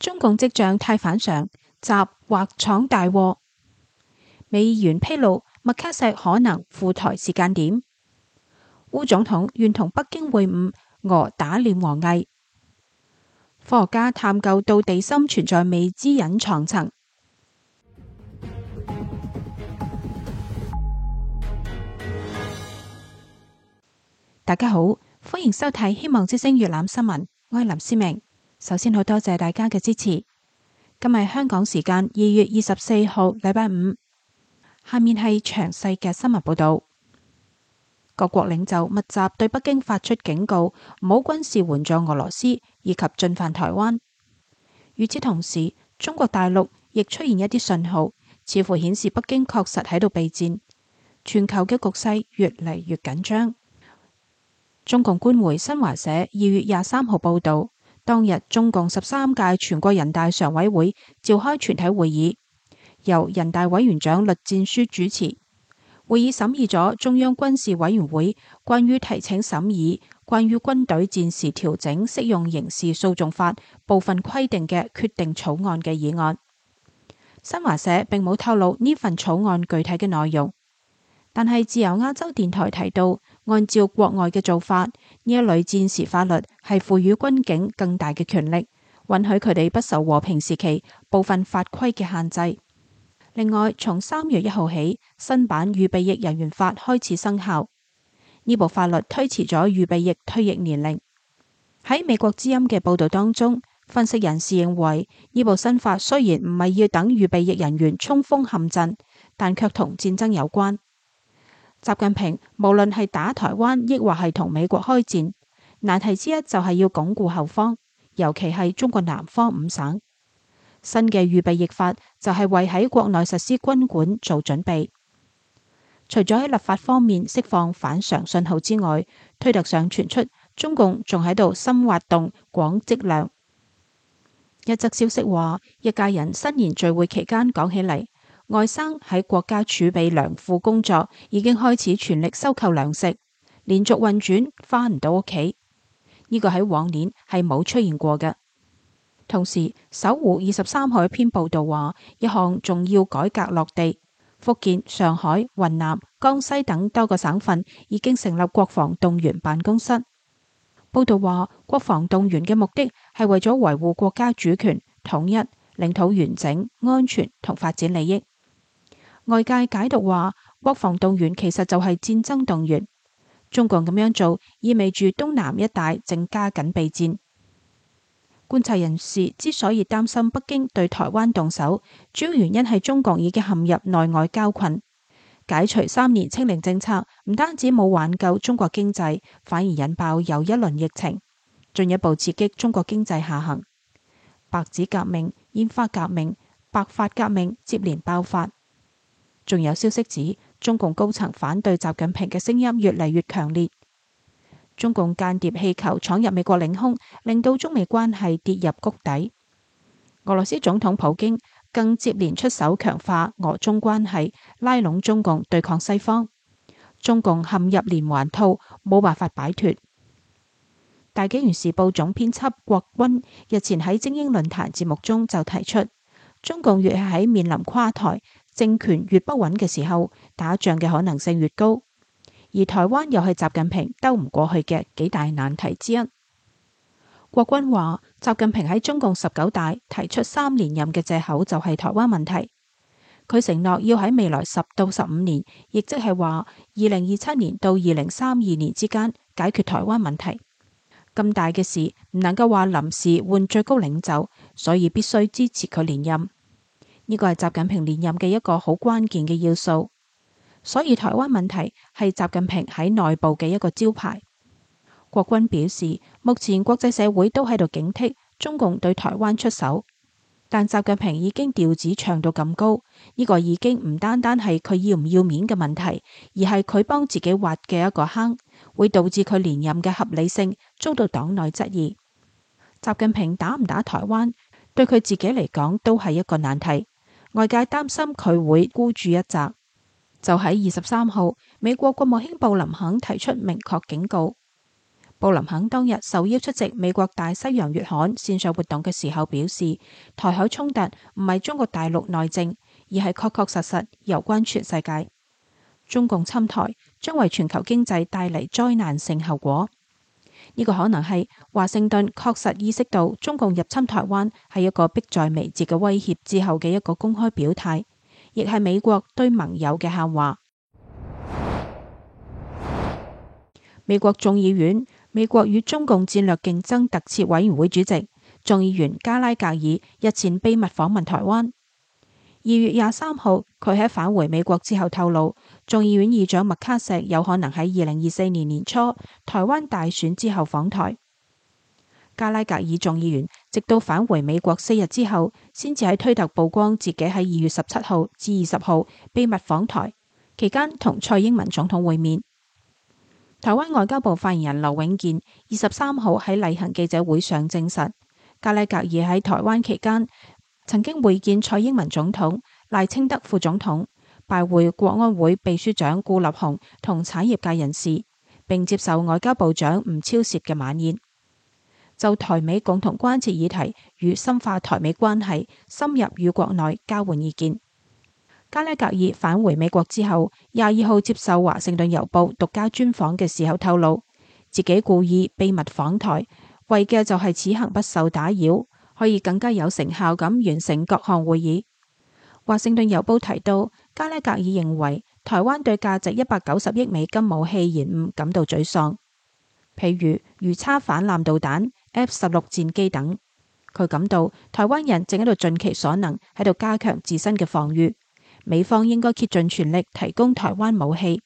中共跡象太反常，習或闖大禍。美議員披露麥卡錫可能赴台時間點。烏總統願同北京會晤，俄打臉王毅。科學家探究到地心存在未知隱藏層。大家好，歡迎收睇《希望之聲》粵覽新聞，我係林詩明。首先好多謝大家嘅支持，今日香港時間二月二十四號禮拜五，下面係詳細嘅新聞報道。各國領袖密集對北京發出警告，唔好軍事援助俄羅斯以及進犯台灣。與此同時，中國大陸亦出現一啲信號，似乎顯示北京確實喺度備戰，全球嘅局勢越嚟越緊張。中共官媒新華社二月廿三號報道。當日中共十三屆全國人大常委會召開全體會議，由人大委員長栗戰書主持。會議審議咗中央軍事委員會關於提請審議關於軍隊戰時調整適用刑事訴訟法部分規定嘅決定草案嘅議案。新華社並冇透露呢份草案具體嘅內容，但係自由亞洲電台提到。按照國外嘅做法，呢一類戰時法律係賦予軍警更大嘅權力，允許佢哋不受和平時期部分法規嘅限制。另外，從三月一號起，新版預備役人員法開始生效。呢部法律推遲咗預備役退役年齡。喺美國之音嘅報道當中，分析人士認為，呢部新法雖然唔係要等預備役人員衝鋒陷陣，但卻同戰爭有關。習近平無論係打台灣，亦或係同美國開戰，難題之一就係要鞏固後方，尤其係中國南方五省。新嘅預備役法就係為喺國內實施軍管做準備。除咗喺立法方面釋放反常信號之外，推特上傳出中共仲喺度深挖洞、廣積糧。一則消息話，一家人新年聚會期間講起嚟。外甥喺國家儲備糧庫工作，已經開始全力收購糧食，連續運轉翻唔到屋企。呢、這個喺往年係冇出現過嘅。同時，搜狐二十三號一篇報道話，一項重要改革落地，福建、上海、雲南、江西等多個省份已經成立國防動員辦公室。報道話，國防動員嘅目的係為咗維護國家主權、統一、領土完整、安全同發展利益。外界解讀話，國防動員其實就係戰爭動員。中共咁樣做，意味住東南一帶正加緊備戰。觀察人士之所以擔心北京對台灣動手，主要原因係中國已經陷入內外交困。解除三年清零政策，唔單止冇挽救中國經濟，反而引爆又一輪疫情，進一步刺激中國經濟下行。白紙革命、煙花革命、白髮革命接連爆發。仲有消息指中共高層反對習近平嘅聲音越嚟越強烈，中共間諜氣球闖入美國領空，令到中美關係跌入谷底。俄羅斯總統普京更接連出手強化俄中關係，拉攏中共對抗西方。中共陷入連環套，冇辦法擺脫。《大紀元時報》總編輯郭君日前喺精英論壇節目中就提出，中共越係喺面臨垮台。政權越不穩嘅時候，打仗嘅可能性越高，而台灣又係習近平兜唔過去嘅幾大難題之一。國軍話，習近平喺中共十九大提出三連任嘅借口就係台灣問題。佢承諾要喺未來十到十五年，亦即係話二零二七年到二零三二年之間解決台灣問題。咁大嘅事唔能夠話臨時換最高領袖，所以必須支持佢連任。呢個係習近平連任嘅一個好關鍵嘅要素，所以台灣問題係習近平喺內部嘅一個招牌。國軍表示，目前國際社會都喺度警惕中共對台灣出手，但習近平已經調子唱到咁高，呢個已經唔單單係佢要唔要面嘅問題，而係佢幫自己挖嘅一個坑，會導致佢連任嘅合理性遭到黨內質疑。習近平打唔打台灣，對佢自己嚟講都係一個難題。外界擔心佢會孤注一擲，就喺二十三號，美國國務卿布林肯提出明確警告。布林肯當日受邀出席美國大西洋月刊線上活動嘅時候表示，台海衝突唔係中國大陸內政，而係確確實實有關全世界。中共侵台將為全球經濟帶嚟災難性後果。呢個可能係華盛頓確實意識到中共入侵台灣係一個迫在眉睫嘅威脅之後嘅一個公開表態，亦係美國對盟友嘅喊話。美國眾議院、美國與中共戰略競爭特設委員會主席、眾議員加拉格爾日前秘密訪問台灣。二月廿三號，佢喺返回美國之後透露，眾議院議長麥卡錫有可能喺二零二四年年初台灣大選之後訪台。加拉格爾眾議員直到返回美國四日之後，先至喺推特曝光自己喺二月十七號至二十號秘密訪台，期間同蔡英文總統會面。台灣外交部發言人劉永健二十三號喺例行記者會上證實，加拉格爾喺台灣期間曾經會見蔡英文總統、賴清德副總統。拜會國安會秘書長顧立雄同產業界人士，並接受外交部長吳超涉嘅晚宴，就台美共同關切議題與深化台美關係深入與國內交換意見。加拉格爾返回美國之後，廿二號接受華盛頓郵報獨家專訪嘅時候透露，自己故意秘密訪台，為嘅就係此行不受打擾，可以更加有成效咁完成各項會議。華盛頓郵報提到：加拉格爾認為台灣對價值一百九十億美金武器延誤感到沮喪，譬如魚叉反艦導彈、F 十六戰機等。佢感到台灣人正喺度盡其所能喺度加強自身嘅防禦，美方應該竭盡全力提供台灣武器，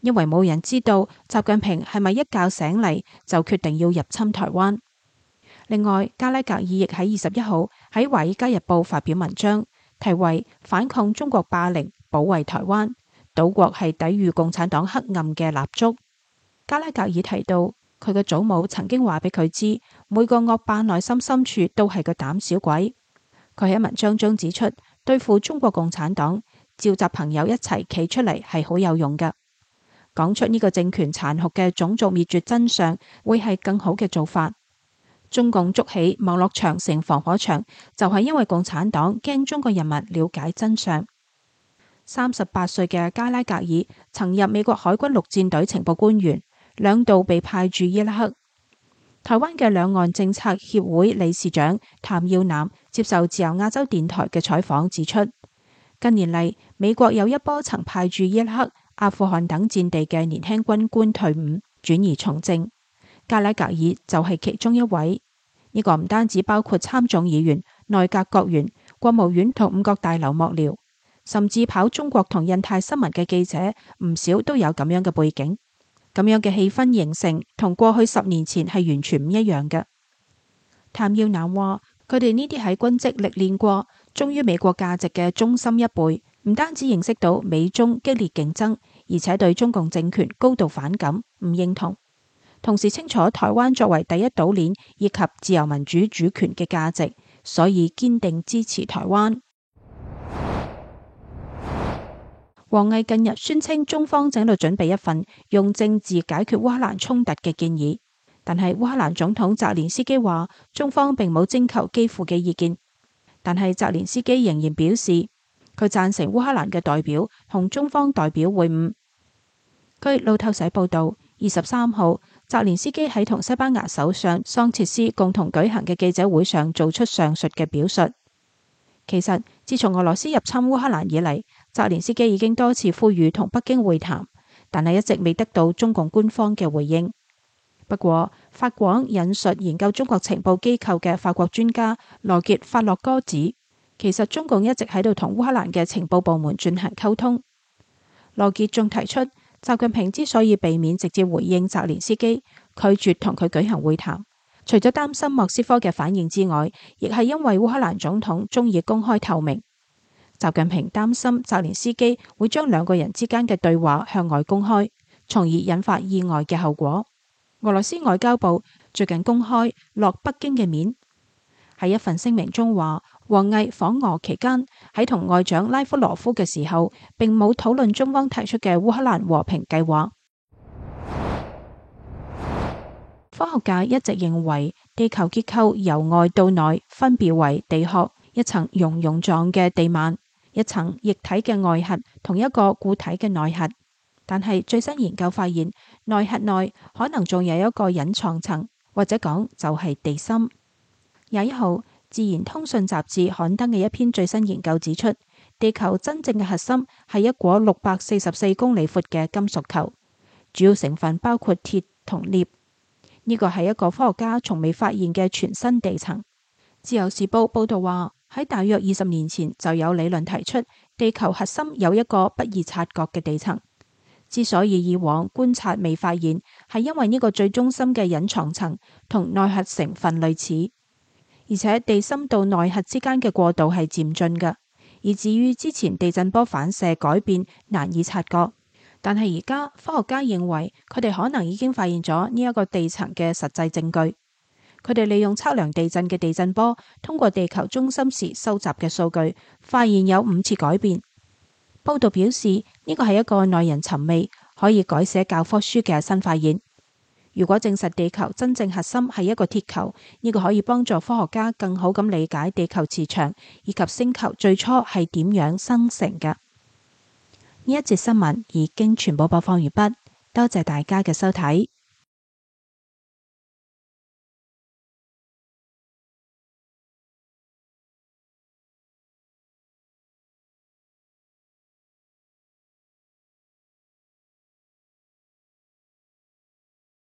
因為冇人知道習近平係咪一覺醒嚟就決定要入侵台灣。另外，加拉格爾亦喺二十一號喺《華爾街日報》發表文章，題為《反抗中國霸凌》。保衛台灣，島國係抵禦共產黨黑暗嘅蠟燭。加拉格爾提到，佢嘅祖母曾經話俾佢知，每個惡霸內心深處都係個膽小鬼。佢喺文章中指出，對付中國共產黨，召集朋友一齊企出嚟係好有用嘅。講出呢個政權殘酷嘅種族滅絕真相，會係更好嘅做法。中共築起網絡長城防火牆，就係因為共產黨驚中國人民了解真相。三十八歲嘅加拉格爾曾任美國海軍陸戰隊情報官員，兩度被派駐伊拉克。台灣嘅兩岸政策協會理事長譚耀南接受自由亞洲電台嘅採訪指出，近年嚟美國有一波曾派駐伊拉克、阿富汗等戰地嘅年輕軍官退伍，轉移從政。加拉格爾就係其中一位。呢、這個唔單止包括參眾議員、內閣國員、國務院同五角大樓幕僚。甚至跑中國同印太新聞嘅記者唔少都有咁樣嘅背景，咁樣嘅氣氛形成同過去十年前係完全唔一樣嘅。譚耀南話：佢哋呢啲喺軍職歷練過，忠於美國價值嘅忠心一輩，唔單止認識到美中激烈競爭，而且對中共政權高度反感，唔認同。同時清楚台灣作為第一島鏈以及自由民主主權嘅價值，所以堅定支持台灣。王毅近日宣稱，中方正喺度準備一份用政治解決烏克蘭衝突嘅建議，但係烏克蘭總統澤連斯基話，中方並冇徵求基輔嘅意見。但係澤連斯基仍然表示，佢贊成烏克蘭嘅代表同中方代表會晤。據路透社報道，二十三號，澤連斯基喺同西班牙首相桑切斯共同舉行嘅記者會上做出上述嘅表述。其實，自從俄羅斯入侵烏克蘭以嚟，澤連斯基已經多次呼籲同北京會談，但係一直未得到中共官方嘅回應。不過法廣引述研究中國情報機構嘅法國專家羅傑法洛哥指，其實中共一直喺度同烏克蘭嘅情報部門進行溝通。羅傑仲提出，習近平之所以避免直接回應澤連斯基，拒絕同佢舉行會談，除咗擔心莫斯科嘅反應之外，亦係因為烏克蘭總統中意公開透明。習近平擔心澤連斯基會將兩個人之間嘅對話向外公開，從而引發意外嘅後果。俄羅斯外交部最近公開落北京嘅面，喺一份聲明中話，王毅訪俄期間喺同外長拉夫羅夫嘅時候，並冇討論中方提出嘅烏克蘭和平計劃。科學家一直認為地球結構由外到內分別為地殼，一層熔融狀嘅地幔一層液體嘅外核同一個固體嘅內核，但係最新研究發現，內核內可能仲有一個隱藏層，或者講就係地心。廿一號《自然通訊》雜誌刊登嘅一篇最新研究指出，地球真正嘅核心係一顆六百四十四公里闊嘅金屬球，主要成分包括鐵同鎳。呢個係一個科學家從未發現嘅全新地層。《自由時報》報道話。喺大約二十年前就有理論提出，地球核心有一個不易察覺嘅地層。之所以以往觀察未發現，係因為呢個最中心嘅隱藏層同內核成分類似，而且地心到內核之間嘅過渡係漸進㗎。以至於之前地震波反射改變難以察覺，但係而家科學家認為佢哋可能已經發現咗呢一個地層嘅實際證據。佢哋利用測量地震嘅地震波，通過地球中心時收集嘅數據，發現有五次改變。報道表示，呢個係一個耐人尋味、可以改寫教科書嘅新發現。如果證實地球真正核心係一個鐵球，呢、這個可以幫助科學家更好咁理解地球磁場，以及星球最初係點樣生成嘅。呢一節新聞已經全部播放完畢，多謝大家嘅收睇。